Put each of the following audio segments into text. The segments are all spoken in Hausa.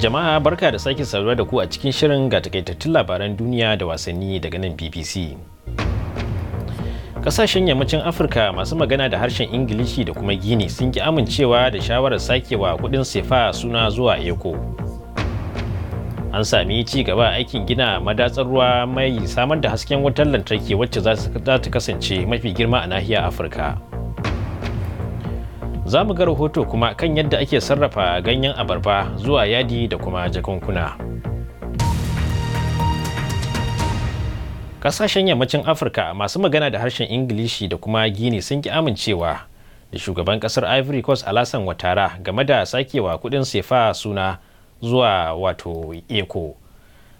jama'a barka da sake saduwa da ku a cikin shirin ga takaitattun labaran duniya da wasanni daga nan bbc Kasashen yammacin Afirka masu magana da harshen Ingilishi da kuma Gini sun ki amincewa da shawarar sakewa kudin sefa suna zuwa eko. An sami ci gaba aikin gina madatsar ruwa mai samar da hasken wutar lantarki wacce za ta kasance mafi girma a nahiyar Afirka. Za mu ga rahoto kuma kan yadda ake sarrafa ganyen abarba zuwa yadi da kuma jakunkuna. kasashen yammacin afirka masu magana da harshen ingilishi da kuma gini sun ki amincewa da shugaban kasar ivory coast alasan watara game da sakewa kudin sefa suna zuwa wato eco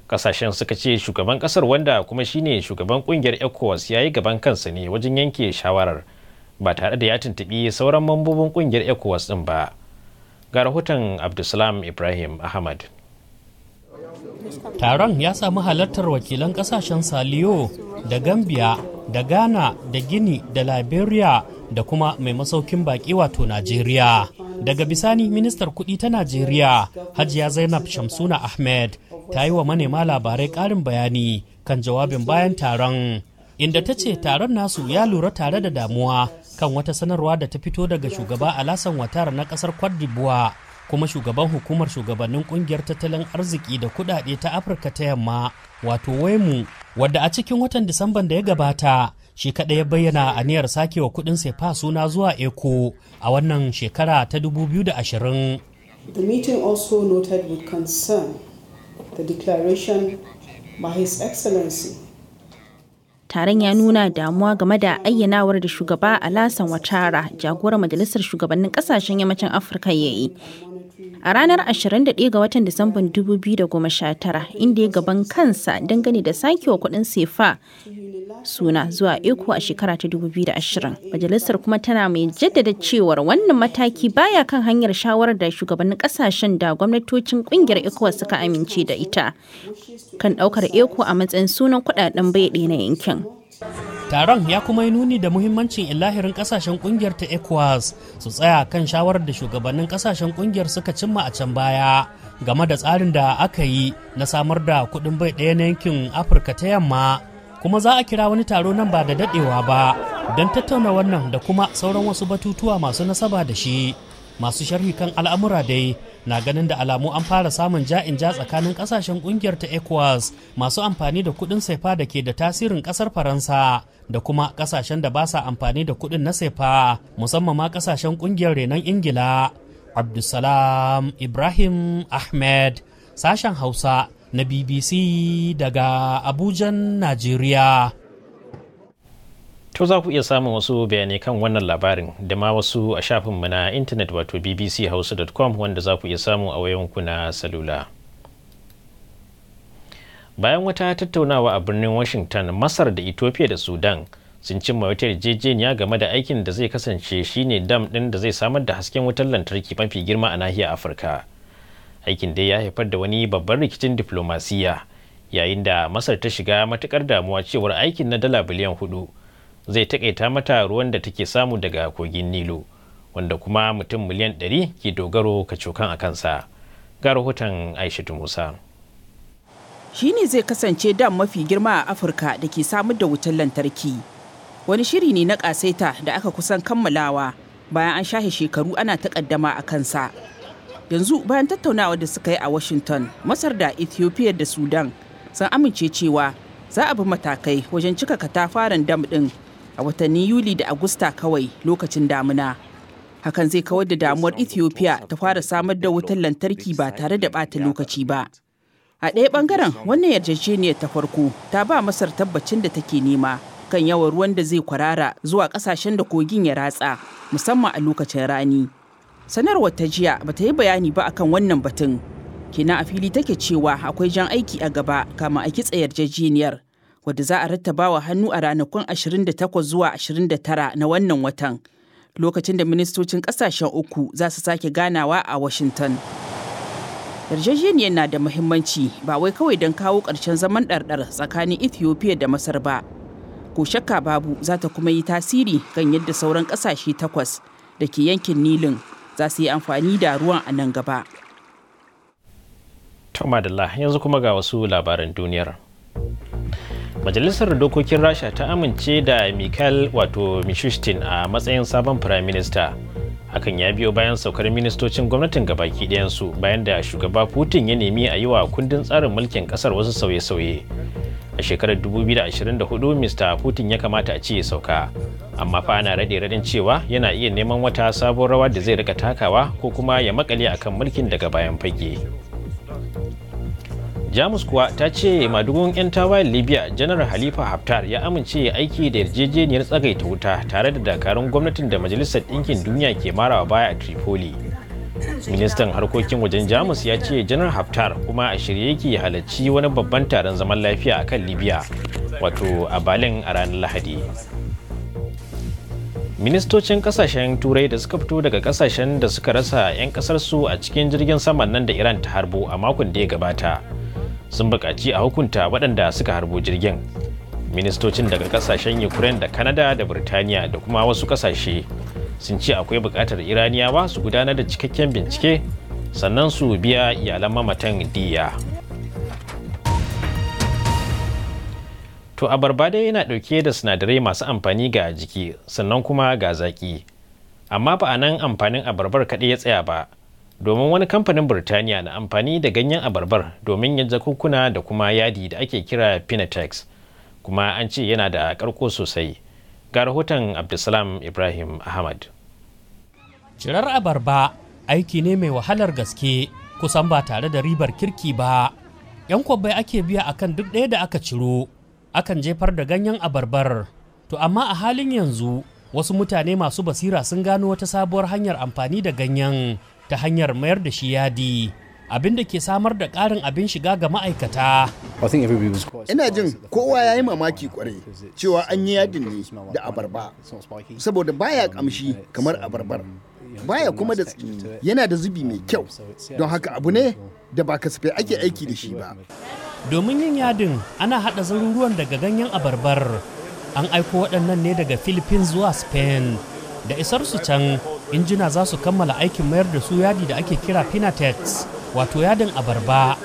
kasashen suka ce shugaban kasar wanda kuma shine shugaban kungiyar ecowas ya yi gaban kansa ne wajen yanke shawarar ba tare da ya tuntubi sauran mambobin kungiyar ecowas din ba ga rahoton abdulsalam ibrahim ahmad taron ya sami halartar wakilan kasashen saliyo da gambia da ghana da gini da liberia da kuma mai masaukin baki wato najeriya daga bisani ministar kudi ta najeriya hajiya zainab shamsuna ahmed ta yi wa manema labarai karin bayani kan jawabin bayan taron inda ta ce taron nasu ya lura tare da damuwa kan wata sanarwa da ta fito daga shugaba a lasan watara na kasar cote kuma shugaban hukumar shugabannin kungiyar tattalin arziki da kudade ta afirka ta yamma wato waimu wadda a cikin watan disamban da ya gabata shi kaɗai ya bayyana aniyar wa kudin sefa suna zuwa eco a wannan shekara ta 2020 The meeting also noted with concern the declaration by His Excellency taron ya nuna damuwa game da ayyanawar da shugaba alasan watara jagorar majalisar shugabannin kasashen yammacin afirka ya yi a ranar 21 ga watan Disamban 2019 inda ya gaban kansa dangane da sakewa kudin sefa suna zuwa eko a shekara ta 2020. Majalisar kuma tana mai jaddada cewar wannan mataki baya kan hanyar shawarar da shugabannin kasashen da gwamnatocin kungiyar ECOWAS suka amince da ita kan daukar eko a matsayin sunan kudaden bai na yankin. taron ya kuma yi nuni da muhimmancin ilahirin kasashen kungiyar ta ecowas su tsaya kan shawarar da shugabannin kasashen kungiyar suka cimma a can baya game da tsarin da aka yi na samar da kudin bai ɗaya na yankin afirka ta yamma kuma za a kira wani taro nan ba da daɗewa ba don tattauna wannan da kuma sauran wasu batutuwa masu nasaba da shi masu sharhi kan al'amura dai na ganin da alamu an fara samun ja'in ja tsakanin kasashen kungiyar ta ecowas masu amfani da kudin saifa da ke da tasirin kasar faransa da kuma kasashen da ba sa amfani da kudin na saifa musamman ma kasashen kungiyar renon ingila abdulsalam ibrahim ahmed sashen hausa na bbc daga abujan najeriya To za ku iya samun wasu bayanai kan wannan labarin da ma wasu a shafinmu na intanet wato bbc bbchausa.com wanda za ku iya samu a wayanku na salula. Bayan wata tattaunawa a birnin Washington, Masar da Ethiopia da Sudan sun cimma wata yarjejeniya game da aikin da zai kasance shine dam ɗin da zai samar da hasken wutar lantarki mafi girma a nahiyar Afirka. Aikin dai ya haifar da wani babban rikicin diflomasiyya yayin da Masar ta shiga matukar damuwa cewar aikin na dala biliyan hudu. zai taƙaita mata ruwan da take samu daga kogin nilo wanda kuma mutum miliyan 100 ke dogaro kacokan a kansa ga rahoton aishatu musa shi ne zai kasance dam mafi girma a afirka da ke samar da wutar lantarki wani shiri ne na kasaita da aka kusan kammalawa bayan an shahe shekaru ana takaddama a kansa yanzu bayan tattaunawa da suka yi a washington masar da ethiopia da sudan sun amince cewa za a bi matakai wajen cika katafaren dam ɗin a watanni Yuli da Agusta kawai lokacin damuna. Hakan zai kawar da damuwar Ethiopia ta fara samar da wutar lantarki ba tare da ɓata lokaci ba. A ɗaya ɓangaren wannan yarjejeniyar ta farko ta ba Masar tabbacin da take nema kan yawan ruwan da zai kwarara zuwa ƙasashen da kogin ya ratsa musamman a lokacin rani. Sanarwar ta jiya ba ta yi bayani ba akan wannan batun. Kina a fili take cewa akwai jan aiki a gaba kama a kitsa yarjejeniyar wadda za a wa hannu a ranakun 28 zuwa 29 na wannan watan lokacin da ministocin kasashen uku za su sake ganawa a washington yarjejeniyar na da muhimmanci ba wai kawai don kawo ƙarshen zaman ɗarɗar tsakanin ethiopia da masar ba ko shakka babu za ta kuma yi tasiri kan yadda sauran ƙasashe takwas da ke yankin nilin za su yi amfani da ruwan a nan gaba. yanzu kuma ga wasu labaran duniyar. majalisar dokokin rasha ta amince da mikhail wato mishustin a matsayin sabon prime minister hakan ya biyo bayan saukar ministocin gwamnatin gabaki ɗayansu bayan da shugaba putin ya nemi a yi wa kundin tsarin mulkin kasar wasu sauye-sauye a shekarar 2024 mr putin ya kamata a ce ya sauka amma fa ana raɗe raɗin cewa yana iya neman wata sabon rawa da zai rika takawa ko kuma ya makale akan mulkin daga bayan fage. jamus kuwa ta ce madugun 'yan tawayen libya janar halifa haftar ya amince aiki da yarjejeniyar tsagaita wuta tare da dakarun gwamnatin da majalisar ɗinkin duniya ke marawa baya a tripoli ministan harkokin wajen jamus ya ce janar haftar kuma a shirye yake halarci wani babban taron zaman lafiya a kan libya wato a balin a ranar lahadi ministocin kasashen turai da suka fito daga kasashen da suka rasa 'yan kasarsu a cikin jirgin saman nan da iran ta harbo a makon da ya gabata sun buƙaci a hukunta waɗanda suka harbo jirgin ministocin daga kasashen ukraine da canada da birtaniya da kuma wasu kasashe sun ce akwai buƙatar iraniyawa su gudanar da cikakken bincike sannan su biya iyalan mamatan diya to a barbada yana ɗauke da sinadarai masu amfani ga jiki sannan kuma ga zaƙi amma ba a nan amfanin abarbar kaɗai ya tsaya ba domin wani kamfanin Burtaniya na amfani da ganyen abarbar domin yin jakunkuna da kuma yadi da ake kira Pinatex kuma an ce yana da karko sosai. Ga rahoton Abdulsalam Ibrahim Ahmad. Cirar abarba aiki ne mai wahalar gaske kusan ba tare da ribar kirki ba. 'Yan kwabbai ake biya akan duk ɗaya da aka ciro, akan jefar da ganyen abarbar. To amma a halin yanzu wasu mutane masu basira sun gano wata sabuwar hanyar amfani da ganyen. ta hanyar mayar da shi yadi abin da ke samar da ƙarin abin shiga ga ma'aikata. Ina jin kowa ya yi mamaki kwarai cewa an yi yadin ne da abarba, saboda baya kamshi kamar abarbar, baya kuma da tsini yana da zubi mai kyau, don haka abu ne da ba kasafai ake aiki da shi ba. Domin yin yadin ana haɗa zaruruwan daga ganyen abarbar, an aiko waɗannan ne daga Philippines zuwa Spain, da isar su can injina za su kammala aikin mayar da su yadi da ake kira pinatex wato yadin abarba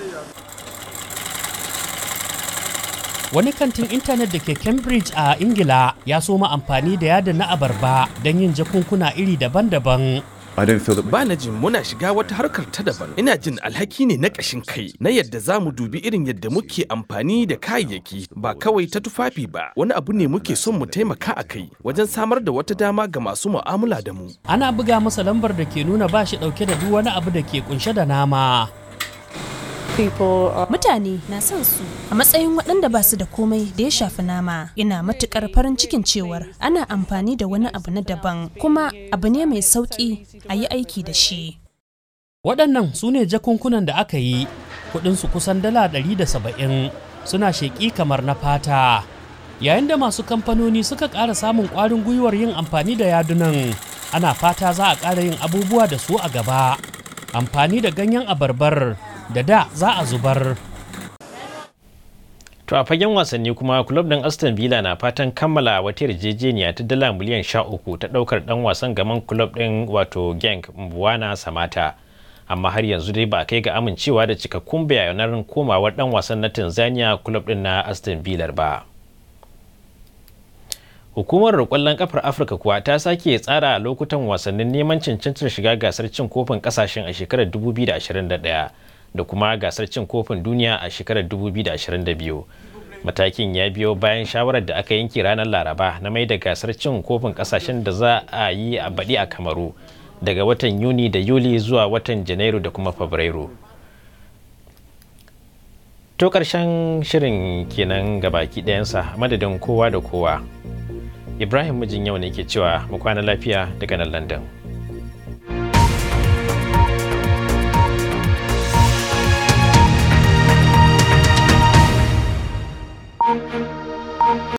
wani kantin intanet da ke cambridge a ingila ya soma amfani da yadin na abarba don yin jakunkuna iri daban-daban Ba na jin muna shiga wata harkar ta daban. Ina jin alhaki ne na ƙashin kai na yadda za mu dubi irin yadda muke amfani da kayayyaki ba kawai ta tufafi ba. Wani abu ne muke son mu taimaka a kai wajen samar da wata dama ga masu mu'amala da mu. Ana buga masa lambar da ke nuna ba shi ɗauke da duk wani abu da ke kunshe da nama. Mutane na son su a matsayin waɗanda ba su da komai da ya shafi nama. Ina matuƙar farin cikin cewar ana amfani da wani abu na daban kuma abu ne mai sauƙi a yi aiki da shi. Waɗannan su ne jakunkunan da aka yi kuɗinsu kusan dala ɗari da saba'in suna sheƙi kamar na fata. Yayin da masu kamfanoni suka ƙara samun ƙwarin gwiwar yin amfani da yadunan ana fata za a ƙara yin abubuwa da su a gaba. Amfani da ganyen abarbar da da za a zubar to a fagen wasanni kuma kulob din aston villa na fatan kammala wata yarjejeniya ta dala miliyan sha uku ta daukar dan wasan gaman kulob din wato genk mbuwana samata amma har yanzu dai ba kai ga amincewa da cikakkun bayanan komawar dan wasan na tanzania kulob din na aston villa ba hukumar kwallon kafar afirka kuwa ta sake tsara lokutan wasannin neman cancantar shiga gasar cin kofin kasashen a shekarar 2021 da kuma gasar cin kofin duniya a shekarar 2022 matakin ya biyo bayan shawarar da aka yanke ranar laraba na mai da gasar cin kofin kasashen da za a yi a baɗi a kamaru daga watan yuni da yuli zuwa watan janairu da kuma fabrairu to ƙarshen shirin kenan gabaki ɗayansa madadin kowa da kowa ibrahim mijin yau ne ke cewa mu kwana lafiya daga nan london